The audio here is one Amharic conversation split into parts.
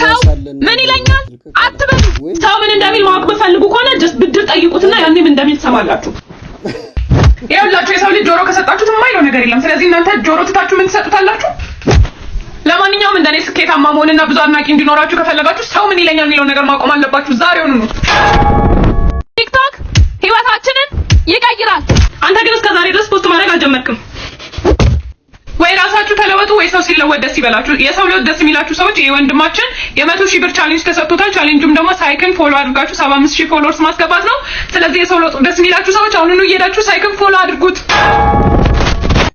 ሰው ምን ይለኛል አትበል። ሰው ምን እንደሚል ማወቅ ብፈልጉ ከሆነ ጀስት ብድር ጠይቁትና ያኔ ምን እንደሚል ትሰማላችሁ። ይኸውላችሁ የሰው ልጅ ጆሮ ከሰጣችሁት የማይለው ነገር የለም። ስለዚህ እናንተ ጆሮ ትታችሁ ምን ትሰጡታላችሁ? ለማንኛውም እንደኔ ስኬታማ መሆንና ብዙ አድናቂ እንዲኖራችሁ ከፈለጋችሁ ሰው ምን ይለኛል የሚለው ነገር ማቆም አለባችሁ። ዛሬውን ነው። ቲክቶክ ህይወታችንን ይቀይራል። አንተ ግን እስከ ድረስ ፖስት ማድረግ አልጀመርክም። ወንድማችን ለወት ይበላችሁ። የሰው ለወት ደስ የሚላችሁ ሰዎች የወንድማችን የመቶ ሺህ ብር ቻሌንጅ ተሰጥቶታል። ቻሌንጁም ደግሞ ሳይክን ፎሎ አድርጋችሁ 75000 ፎሎወርስ ማስገባት ነው። ስለዚህ የሰው ለወት ደስ የሚላችሁ ሰዎች አሁኑኑ እየሄዳችሁ ሳይክን ፎሎ አድርጉት።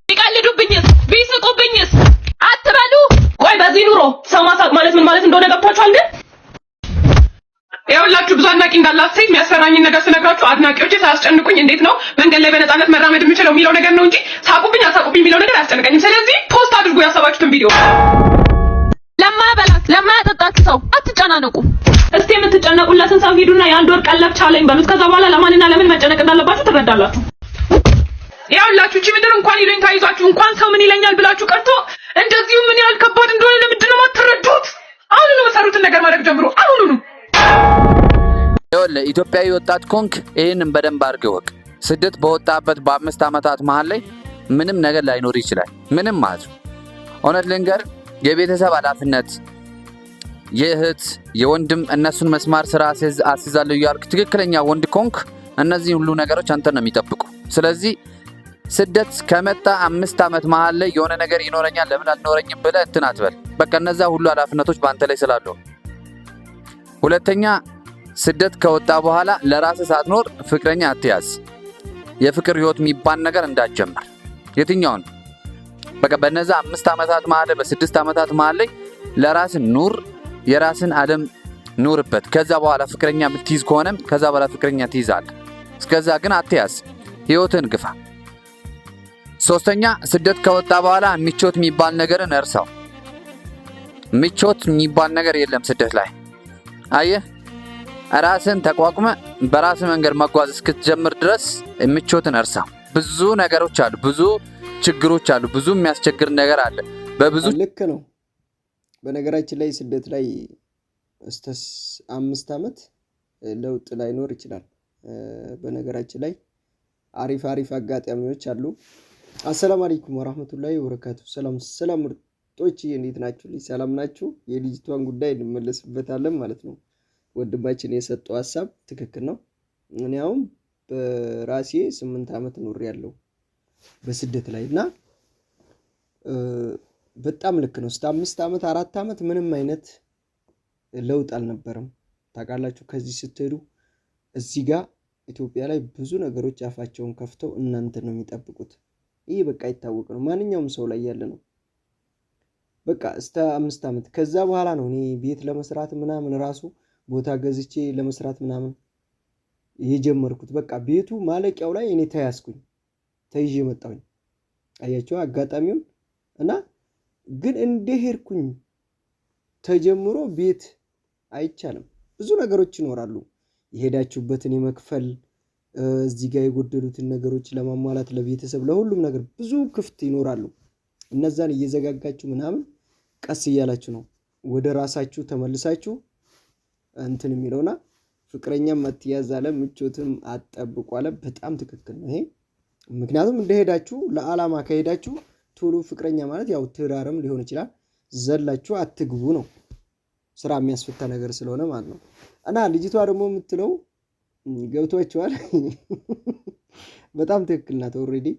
ቢቀልዱብኝስ ቢስቁብኝስ አትበሉ። ቆይ በዚህ ኑሮ ሰው ማሳቅ ማለት ምን ማለት እንደሆነ ገብቷችኋል ግን ያውላችሁ ብዙ አድናቂ እንዳላት ሴት የሚያስፈራኝን ነገር ስነግራችሁ አድናቂዎች ሳያስጨንቁኝ እንዴት ነው መንገድ ላይ በነፃነት መራመድ የምችለው የሚለው ነገር ነው እንጂ ሳቁብኝ አሳቁብኝ የሚለው ነገር አያስጨንቀኝም። ስለዚህ አድርጉ ያሰባችሁትን ቪዲዮ ለማያበላት ለማያጠጣት ሰው አትጨናነቁ። እስቲ የምትጨነቁለትን ሰው ሂዱና የአንድ ወር ቀለብ ቻለኝ በሉት። ከዛ በኋላ ለማንና ለምን መጨነቅ እንዳለባችሁ ትረዳላችሁ። ያውላችሁ እቺ ምድር እንኳን ይሉኝ ታይዟችሁ እንኳን ሰው ምን ይለኛል ብላችሁ ቀርቶ እንደዚሁ ምን ያህል ከባድ እንደሆነ ለምንድን ነው የማትረዱት? አሁን ነው ነገር ማድረግ ጀምሮ አሁን ይኸውልህ ኢትዮጵያዊ ወጣት ኮንክ ይህንን በደንብ አድርገህ ወቅ ስደት በወጣበት በአምስት ዓመታት መሀል ላይ ምንም ነገር ላይኖር ይችላል። ምንም ማለት ነው እውነት ልንገር የቤተሰብ ኃላፊነት የእህት የወንድም እነሱን መስማር ስራ አስይዛለሁ እያልክ ትክክለኛ ወንድ ኮንክ እነዚህ ሁሉ ነገሮች አንተን ነው የሚጠብቁ። ስለዚህ ስደት ከመጣ አምስት ዓመት መሀል ላይ የሆነ ነገር ይኖረኛል ለምን አልኖረኝም ብለ እንትን አትበል። በቃ እነዛ ሁሉ ኃላፊነቶች በአንተ ላይ ስላሉ። ሁለተኛ ስደት ከወጣ በኋላ ለራስ ሳትኖር ፍቅረኛ አትያዝ። የፍቅር ህይወት የሚባል ነገር እንዳትጀምር የትኛውን በቃ በነዛ አምስት ዓመታት መሀል በስድስት ዓመታት መሀል ላይ ለራስን ኑር፣ የራስን ዓለም ኑርበት። ከዛ በኋላ ፍቅረኛ የምትይዝ ከሆነም ከዛ በኋላ ፍቅረኛ ትይዛል። እስከዛ ግን አትያዝ፣ ህይወትን ግፋ። ሶስተኛ ስደት ከወጣ በኋላ ምቾት የሚባል ነገርን እርሳው። ምቾት የሚባል ነገር የለም ስደት ላይ አየህ። ራስን ተቋቁመ በራስ መንገድ መጓዝ እስክትጀምር ድረስ ምቾትን እርሳው። ብዙ ነገሮች አሉ ብዙ ችግሮች አሉ። ብዙ የሚያስቸግር ነገር አለ። በብዙ ልክ ነው። በነገራችን ላይ ስደት ላይ እስከ አምስት ዓመት ለውጥ ላይኖር ይችላል። በነገራችን ላይ አሪፍ አሪፍ አጋጣሚዎች አሉ። አሰላም አለይኩም ወራህመቱላሂ ወበረካቱ። ሰላም ሰላም ምርጦች፣ እንዴት ናችሁ? ሰላም ናችሁ? የልጅቷን ጉዳይ እንመለስበታለን ማለት ነው። ወንድማችን የሰጠው ሀሳብ ትክክል ነው። እኔ አሁን በራሴ ስምንት ዓመት ኖሬያለሁ። በስደት ላይ እና በጣም ልክ ነው። እስከ አምስት ዓመት አራት ዓመት ምንም አይነት ለውጥ አልነበረም። ታውቃላችሁ ከዚህ ስትሄዱ እዚህ ጋር ኢትዮጵያ ላይ ብዙ ነገሮች አፋቸውን ከፍተው እናንተ ነው የሚጠብቁት። ይህ በቃ ይታወቅ ነው፣ ማንኛውም ሰው ላይ ያለ ነው። በቃ እስከ አምስት ዓመት ከዛ በኋላ ነው እኔ ቤት ለመስራት ምናምን ራሱ ቦታ ገዝቼ ለመስራት ምናምን የጀመርኩት። በቃ ቤቱ ማለቂያው ላይ እኔ ተያዝኩኝ። ተይዤ መጣሁኝ። አያቸው አጋጣሚውን እና ግን እንደ ሄድኩኝ ተጀምሮ ቤት አይቻልም። ብዙ ነገሮች ይኖራሉ። የሄዳችሁበትን የመክፈል እዚህ ጋር የጎደሉትን ነገሮች ለማሟላት ለቤተሰብ፣ ለሁሉም ነገር ብዙ ክፍት ይኖራሉ። እነዛን እየዘጋጋችሁ ምናምን ቀስ እያላችሁ ነው ወደ ራሳችሁ ተመልሳችሁ እንትን የሚለውና ፍቅረኛም አትያዝ አለ፣ ምቾትም አትጠብቁ አለ። በጣም ትክክል ነው ይሄ። ምክንያቱም እንደሄዳችሁ ለዓላማ ከሄዳችሁ ቶሎ ፍቅረኛ ማለት ያው ትዳርም ሊሆን ይችላል ዘላችሁ አትግቡ ነው። ስራ የሚያስፈታ ነገር ስለሆነ ማለት ነው። እና ልጅቷ ደግሞ የምትለው ገብቷቸዋል። በጣም ትክክል ናት። ኦልሬዲ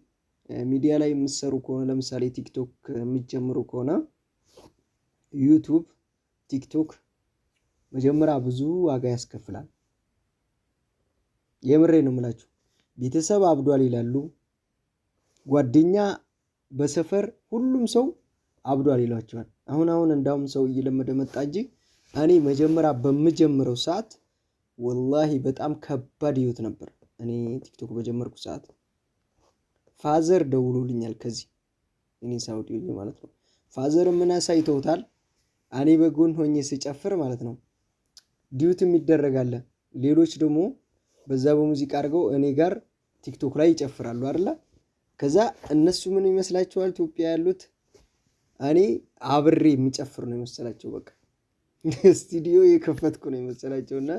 ሚዲያ ላይ የምትሰሩ ከሆነ ለምሳሌ ቲክቶክ የምትጀምሩ ከሆነ ዩቱብ፣ ቲክቶክ መጀመሪያ ብዙ ዋጋ ያስከፍላል። የምሬ ነው የምላችሁ። ቤተሰብ አብዷል ይላሉ። ጓደኛ በሰፈር ሁሉም ሰው አብዷል ይሏቸዋል። አሁን አሁን እንዳውም ሰው እየለመደ መጣ እንጂ እኔ መጀመሪያ በምጀምረው ሰዓት ወላሂ በጣም ከባድ ህይወት ነበር። እኔ ቲክቶክ በጀመርኩ ሰዓት ፋዘር ደውሎልኛል ከዚህ እኔ ሳውዲ ማለት ነው። ፋዘር ምን አሳይተውታል? እኔ በጎን ሆኜ ስጨፍር ማለት ነው ዲዩትም ይደረጋለ። ሌሎች ደግሞ በዛ በሙዚቃ አድርገው እኔ ጋር ቲክቶክ ላይ ይጨፍራሉ አይደለ ከዛ እነሱ ምን ይመስላችኋል? ኢትዮጵያ ያሉት እኔ አብሬ የሚጨፍር ነው የመሰላቸው። በቃ ስቱዲዮ የከፈትኩ ነው የመሰላቸው እና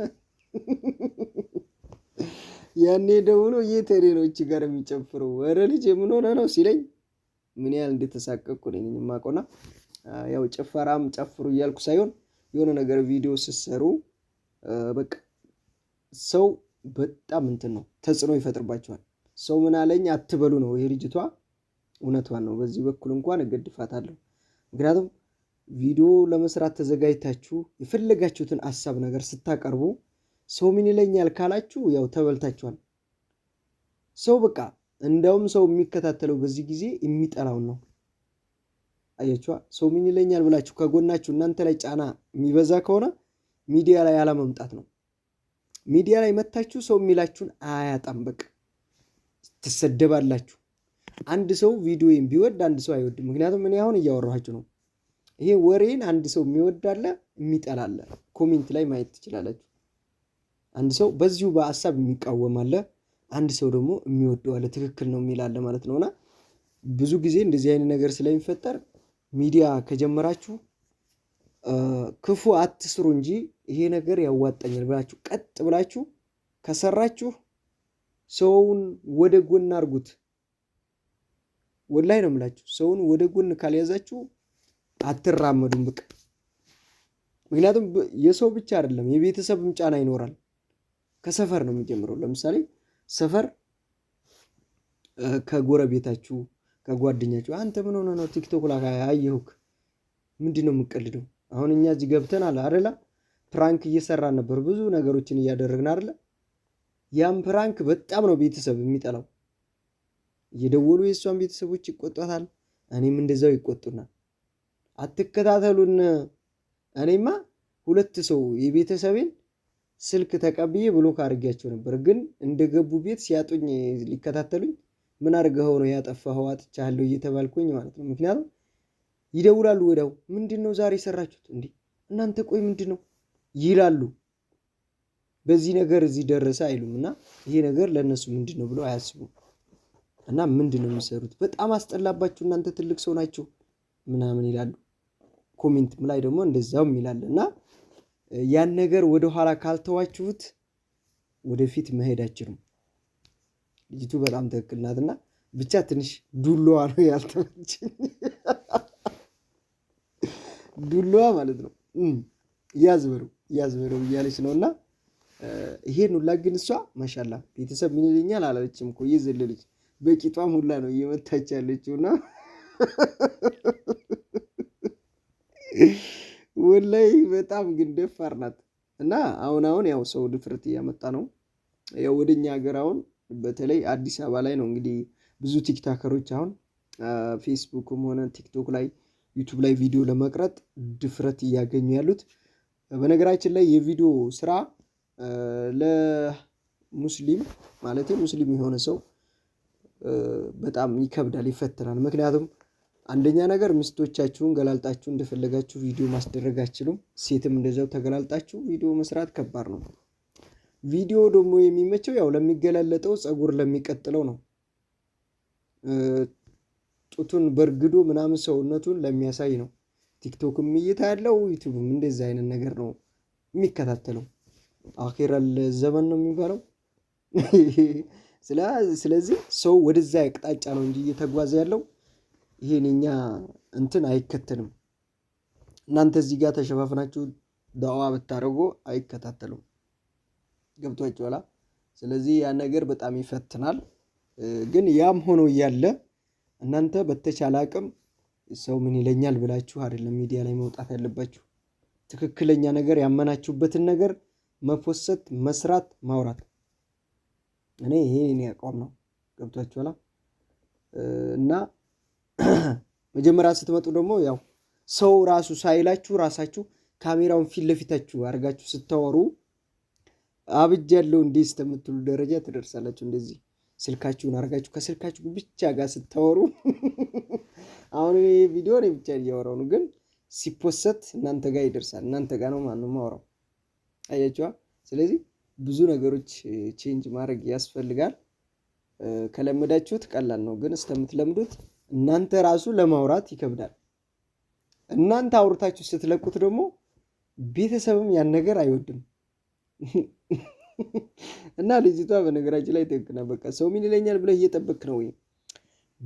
ያኔ ደውሎ የቴሬ ነው እች ጋር የሚጨፍረው ወረ ልጅ ምን ሆነ ነው ሲለኝ ምን ያህል እንደተሳቀቅኩ ነው የማውቀውና ያው ጭፈራም ጨፍሩ እያልኩ ሳይሆን የሆነ ነገር ቪዲዮ ስትሰሩ በቃ ሰው በጣም እንትን ነው ተጽዕኖ ይፈጥርባቸዋል። ሰው ምን አለኝ አትበሉ ነው። ይሄ ልጅቷ እውነቷን ነው። በዚህ በኩል እንኳን እገድፋታለሁ። ምክንያቱም ቪዲዮ ለመስራት ተዘጋጅታችሁ የፈለጋችሁትን ሀሳብ ነገር ስታቀርቡ ሰው ምን ይለኛል ካላችሁ ያው ተበልታችኋል። ሰው በቃ እንደውም ሰው የሚከታተለው በዚህ ጊዜ የሚጠላውን ነው። አያችኋ። ሰው ምን ይለኛል ብላችሁ ከጎናችሁ እናንተ ላይ ጫና የሚበዛ ከሆነ ሚዲያ ላይ አለመምጣት ነው። ሚዲያ ላይ መታችሁ ሰው የሚላችሁን አያጣም በቃ ትሰደባላችሁ። አንድ ሰው ቪዲዮን ቢወድ አንድ ሰው አይወድም። ምክንያቱም እኔ አሁን እያወራኋችሁ ነው። ይሄ ወሬን አንድ ሰው የሚወዳለ የሚጠላለ፣ ኮሜንት ላይ ማየት ትችላላችሁ። አንድ ሰው በዚሁ በሀሳብ የሚቃወማለ፣ አንድ ሰው ደግሞ የሚወደዋለ ትክክል ነው የሚላለ ማለት ነውና ብዙ ጊዜ እንደዚህ አይነት ነገር ስለሚፈጠር ሚዲያ ከጀመራችሁ ክፉ አትስሩ እንጂ ይሄ ነገር ያዋጣኛል ብላችሁ ቀጥ ብላችሁ ከሰራችሁ ሰውን ወደ ጎን አድርጉት። ወላይ ነው የምላችሁ። ሰውን ወደ ጎን ካልያዛችሁ አትራመዱም። በቃ ምክንያቱም የሰው ብቻ አይደለም የቤተሰብም ጫና ይኖራል። ከሰፈር ነው የሚጀምረው። ለምሳሌ ሰፈር ከጎረቤታችሁ ከጓደኛችሁ፣ አንተ ምን ሆነ ነው ቲክቶክ ላይ አየሁክ፣ ምንድን ነው የምቀልደው? አሁን እኛ እዚህ አለ አደላ ፕራንክ እየሰራን ነበር፣ ብዙ ነገሮችን እያደረግን አደለም። ያም ፕራንክ በጣም ነው ቤተሰብ የሚጠላው። እየደወሉ የእሷን ቤተሰቦች ይቆጧታል። እኔም እንደዛው ይቆጡናል። አትከታተሉን። እኔማ ሁለት ሰው የቤተሰቤን ስልክ ተቀብዬ ብሎክ አድርጌያቸው ነበር፣ ግን እንደገቡ ቤት ሲያጡኝ ሊከታተሉኝ ምን አድርገኸው ነው ያጠፋኸው? አጥቻለሁ እየተባልኩኝ ማለት ነው። ምክንያቱም ይደውላሉ ወዲያው፣ ምንድን ነው ዛሬ የሰራችሁት? እንዴ እናንተ ቆይ ምንድን ነው ይላሉ። በዚህ ነገር እዚህ ደረሰ አይሉም እና ይሄ ነገር ለእነሱ ምንድን ነው ብለው አያስቡም። እና ምንድን ነው የሚሰሩት? በጣም አስጠላባችሁ እናንተ ትልቅ ሰው ናችሁ ምናምን ይላሉ። ኮሜንትም ላይ ደግሞ እንደዛውም ይላል እና ያን ነገር ወደኋላ ካልተዋችሁት ወደፊት መሄድ አይችሉም። ልጅቱ በጣም ትክክል እና ብቻ ትንሽ ዱሎዋ ነው ያልተመች ዱሎዋ ማለት ነው እያዝበረው እያዝበረው እያለች ነው እና ይሄን ሁላ ግን እሷ ማሻላ ቤተሰብ ምን ይለኛል አላለችም እኮ እየዘለለች በቂጧም ሁላ ነው እየመታች ያለችው እና ወላይ በጣም ግን ደፋር ናት። እና አሁን አሁን ያው ሰው ድፍረት እያመጣ ነው። ያው ወደኛ ሀገር አሁን በተለይ አዲስ አበባ ላይ ነው እንግዲህ ብዙ ቲክታከሮች አሁን ፌስቡክም ሆነ ቲክቶክ ላይ ዩቱብ ላይ ቪዲዮ ለመቅረጥ ድፍረት እያገኙ ያሉት። በነገራችን ላይ የቪዲዮ ስራ ለሙስሊም ማለት ሙስሊም የሆነ ሰው በጣም ይከብዳል፣ ይፈትናል። ምክንያቱም አንደኛ ነገር ሚስቶቻችሁን ገላልጣችሁ እንደፈለጋችሁ ቪዲዮ ማስደረግ አትችሉም። ሴትም እንደዚያው ተገላልጣችሁ ቪዲዮ መስራት ከባድ ነው። ቪዲዮ ደግሞ የሚመቸው ያው ለሚገላለጠው ጸጉር ለሚቀጥለው ነው። ጡቱን በርግዶ ምናምን ሰውነቱን ለሚያሳይ ነው። ቲክቶክም እይታ ያለው ዩቱብም እንደዚህ አይነት ነገር ነው የሚከታተለው። አኼራል ዘመን ነው የሚባለው። ስለዚህ ሰው ወደዛ አቅጣጫ ነው እንጂ እየተጓዘ ያለው ይሄን የኛ እንትን አይከተልም። እናንተ እዚህ ጋር ተሸፋፍናችሁ ዳዋ ብታደርጉ አይከታተሉም። ገብቷችኋል? ስለዚህ ያ ነገር በጣም ይፈትናል። ግን ያም ሆኖ እያለ እናንተ በተቻለ አቅም ሰው ምን ይለኛል ብላችሁ አይደለም ሚዲያ ላይ መውጣት ያለባችሁ። ትክክለኛ ነገር ያመናችሁበትን ነገር መፎሰት፣ መስራት፣ ማውራት እኔ ይሄ እኔ አቋም ነው። ገብቷችኋል እና መጀመሪያ ስትመጡ ደግሞ ያው ሰው ራሱ ሳይላችሁ ራሳችሁ ካሜራውን ፊት ለፊታችሁ አድርጋችሁ ስታወሩ አብጅ ያለው እንዴ እስከምትሉ ደረጃ ትደርሳላችሁ። እንደዚህ ስልካችሁን አድርጋችሁ ከስልካችሁ ብቻ ጋር ስታወሩ አሁን ይሄ ቪዲዮ እኔ ብቻ እያወራው ነው፣ ግን ሲፖሰት እናንተ ጋር ይደርሳል። እናንተ ጋር ነው ማንም ማውራው አያችዋ ስለዚህ ብዙ ነገሮች ቼንጅ ማድረግ ያስፈልጋል። ከለመዳችሁት ቀላል ነው፣ ግን እስከምትለምዱት እናንተ ራሱ ለማውራት ይከብዳል። እናንተ አውርታችሁ ስትለቁት ደግሞ ቤተሰብም ያን ነገር አይወድም እና ልጅቷ በነገራችን ላይ ትክክና በቃ ሰው ምን ይለኛል ብለህ እየጠበቅ ነው። ወይም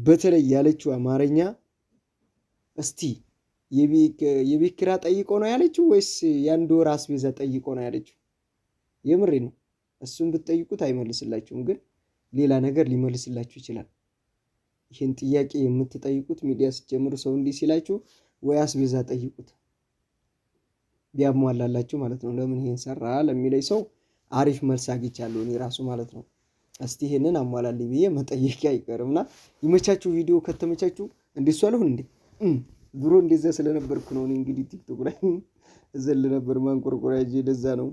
በተለይ ያለችው አማርኛ እስቲ የቤት ጠይቆ ነው ያለችው ወይስ የአንድ ወር አስቤዛ ጠይቆ ነው ያለችው? የምሬ ነው። እሱን ብትጠይቁት አይመልስላችሁም፣ ግን ሌላ ነገር ሊመልስላችሁ ይችላል። ይህን ጥያቄ የምትጠይቁት ሚዲያ ስትጀምሩ ሰው እንዲህ ሲላችሁ ወይ አስቤዛ ጠይቁት ቢያሟላላችሁ ማለት ነው። ለምን ይሄን ሰራ ለሚለኝ ሰው አሪፍ መልስ አግኝቻለሁ እኔ ራሱ ማለት ነው። እስቲ ይሄንን አሟላልኝ ብዬ መጠየቅ አይቀርምና ይመቻችሁ። ቪዲዮ ከተመቻችሁ እንዲሷለሁን እንዴ ድሮ እንደዛ ስለነበርኩ ነው እንግዲህ ቲክቶክ ላይ እዘል ነበር ማንቆርቆሪያ እጄ ለዛ ነው።